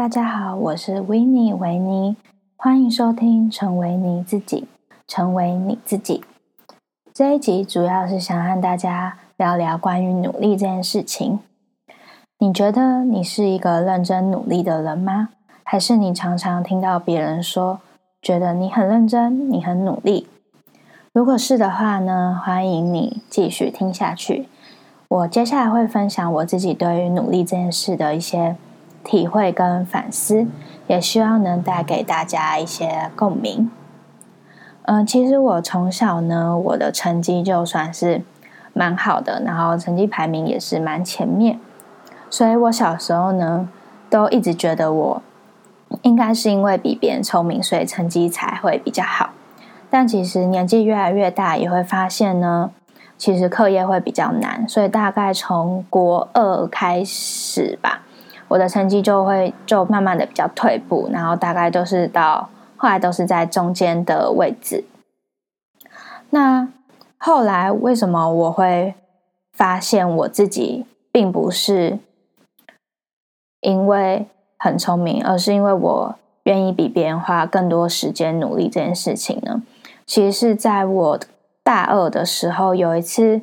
大家好，我是維尼維尼，歡迎收聽《成為你自己》，成為你自己。這一集主要是想和大家聊聊關於努力這件事情。你覺得你是一個認真努力的人嗎？還是你常常聽到別人說，覺得你很認真，你很努力？如果是的話呢，歡迎你繼續聽下去。我接下來會分享我自己對於努力這件事的一些體會跟反思，也希望能帶給大家一些共鳴。嗯、呃，其實我從小呢，我的成績就算是蠻好的，然後成績排名也是蠻前面，所以我小時候呢，都一直覺得我應該是因為比別人聰明，所以成績才會比較好。但其實年紀越來越大，也會發現呢，其實課業會比較難，所以大概從國二開始吧。我的成績就會就慢慢的比較退步，然後大概都是到後來都是在中間的位置。那後來為什麼我會發現我自己並不是因為很聰明，而是因為我願意比別人花更多時間努力這件事情呢？其實是在我大二的時候，有一次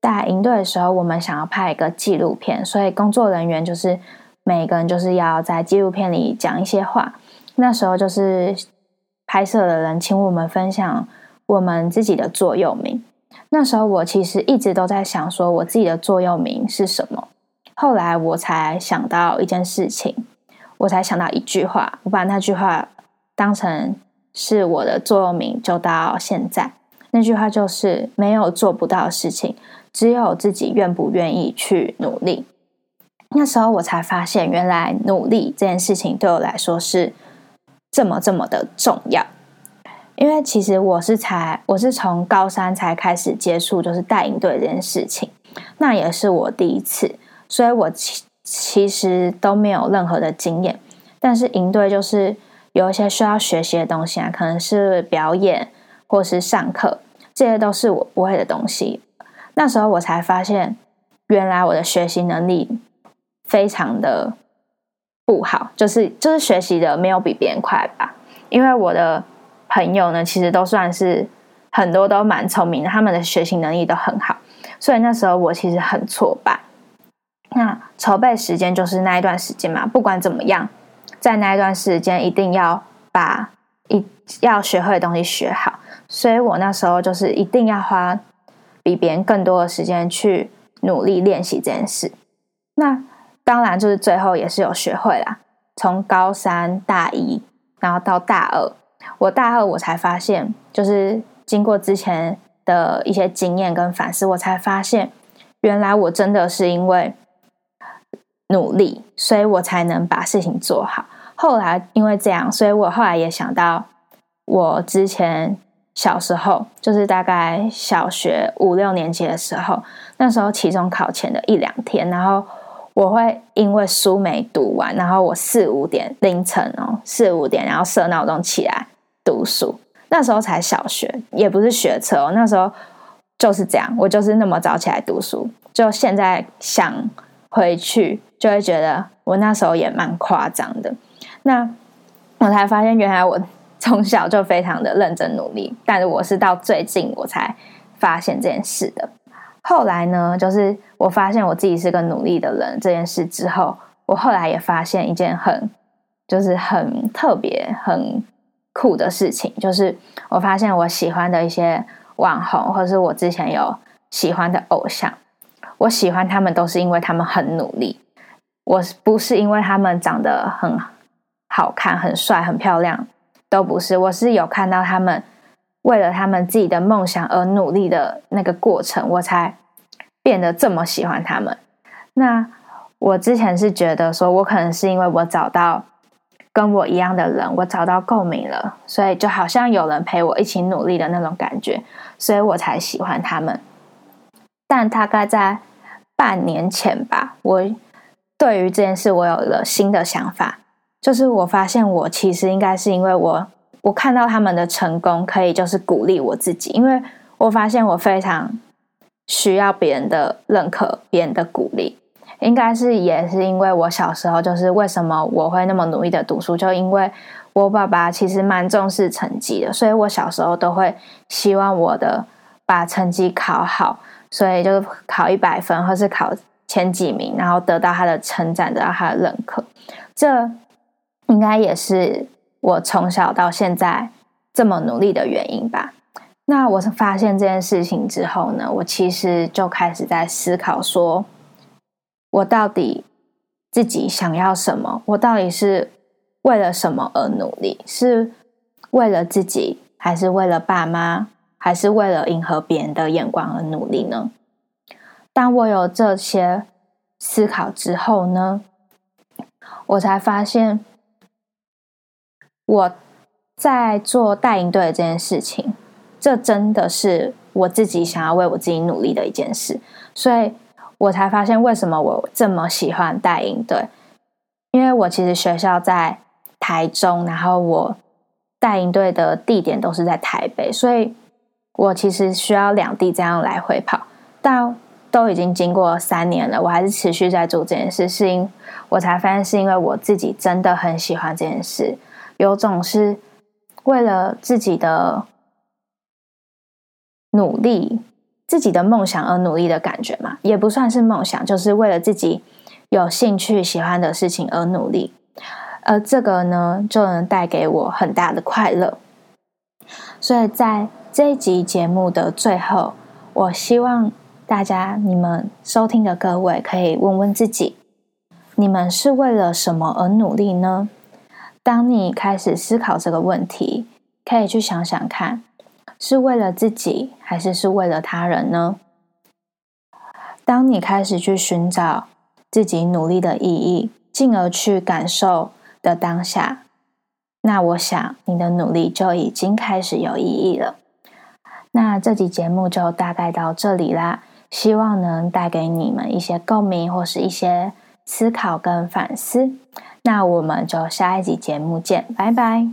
在營隊的時候，我們想要拍一個紀錄片，所以工作人員就是。每個人就是要在紀錄片裡講一些話。那時候就是拍攝的人請我們分享我們自己的座右銘。那時候我其實一直都在想，說我自己的座右銘是什麼？後來我才想到一件事情，我才想到一句話，我把那句話當成是我的座右銘，就到現在。那句話就是“沒有做不到的事情，只有自己願不願意去努力。”那時候我才發現，原來努力這件事情對我來說是這麼這麼的重要。因為其實我是才我是從高三才開始接觸，就是帶營隊這件事情，那也是我第一次，所以我其其實都沒有任何的經驗。但是營隊就是有一些需要學習的東西啊，可能是表演或是上課，這些都是我不會的東西。那時候我才發現，原來我的學習能力。非常的不好，就是就是學習的沒有比別人快吧。因為我的朋友呢，其實都算是很多都蠻聰明的，他們的學習能力都很好，所以那時候我其實很挫敗。那籌備時間就是那一段時間嘛，不管怎麼樣，在那一段時間一定要把一要學會的東西學好。所以我那時候就是一定要花比別人更多的時間去努力練習這件事。那。當然，就是最後也是有學會啦。從高三、大一，然後到大二，我大二我才發現，就是經過之前的一些經驗跟反思，我才發現，原來我真的是因為努力，所以我才能把事情做好。後來因為這樣，所以我後來也想到，我之前小時候，就是大概小學五六年級的時候，那時候期中考前的一兩天，然後。我會因為書沒讀完，然後我四五點凌晨哦，四五點然後設鬧鐘起來讀書。那時候才小學，也不是學車哦，那時候就是這樣，我就是那麼早起來讀書。就現在想回去，就會覺得我那時候也蠻誇張的。那我才發現，原來我從小就非常的認真努力，但是我是到最近我才發現這件事的。後來呢，就是我發現我自己是個努力的人這件事之後，我後來也發現一件很，就是很特別、很酷的事情，就是我發現我喜歡的一些網紅，或者是我之前有喜歡的偶像，我喜歡他們都是因為他們很努力，我不是因為他們長得很好看、很帥、很漂亮，都不是，我是有看到他們。為了他們自己的夢想而努力的那個過程，我才變得這麼喜歡他們。那我之前是覺得說，說我可能是因為我找到跟我一樣的人，我找到共鳴了，所以就好像有人陪我一起努力的那種感覺，所以我才喜歡他們。但大概在半年前吧，我對於這件事我有了新的想法，就是我發現我其實應該是因為我。我看到他們的成功，可以就是鼓勵我自己，因為我發現我非常需要別人的認可、別人的鼓勵。應該是也是因為我小時候，就是為什麼我會那麼努力的讀書，就因為我爸爸其實蠻重視成績的，所以我小時候都會希望我的把成績考好，所以就考一百分或是考前幾名，然後得到他的稱讚，得到他的認可。這應該也是。我從小到現在這麼努力的原因吧。那我發現這件事情之後呢，我其實就開始在思考說，我到底自己想要什麼？我到底是為了什麼而努力？是為了自己，還是為了爸媽，還是為了迎合別人的眼光而努力呢？當我有這些思考之後呢，我才發現。我在做帶營隊的這件事情，這真的是我自己想要為我自己努力的一件事，所以我才發現為什麼我這麼喜歡帶營隊。因為我其實學校在台中，然後我帶營隊的地點都是在台北，所以我其實需要兩地這樣來回跑。但都已經經過三年了，我還是持續在做這件事，是因為我才發現是因為我自己真的很喜歡這件事。有種是為了自己的努力、自己的夢想而努力的感覺嘛？也不算是夢想，就是為了自己有興趣、喜歡的事情而努力。而這個呢，就能帶給我很大的快樂。所以在這一集節目的最後，我希望大家、你們收聽的各位，可以問問自己：你們是為了什麼而努力呢？當你開始思考這個問題，可以去想想看，是為了自己，還是是為了他人呢？當你開始去尋找自己努力的意義，進而去感受的當下，那我想你的努力就已經開始有意義了。那這集節目就大概到這裡啦，希望能帶給你們一些共鳴，或是一些。思考跟反思，那我們就下一集節目見，拜拜。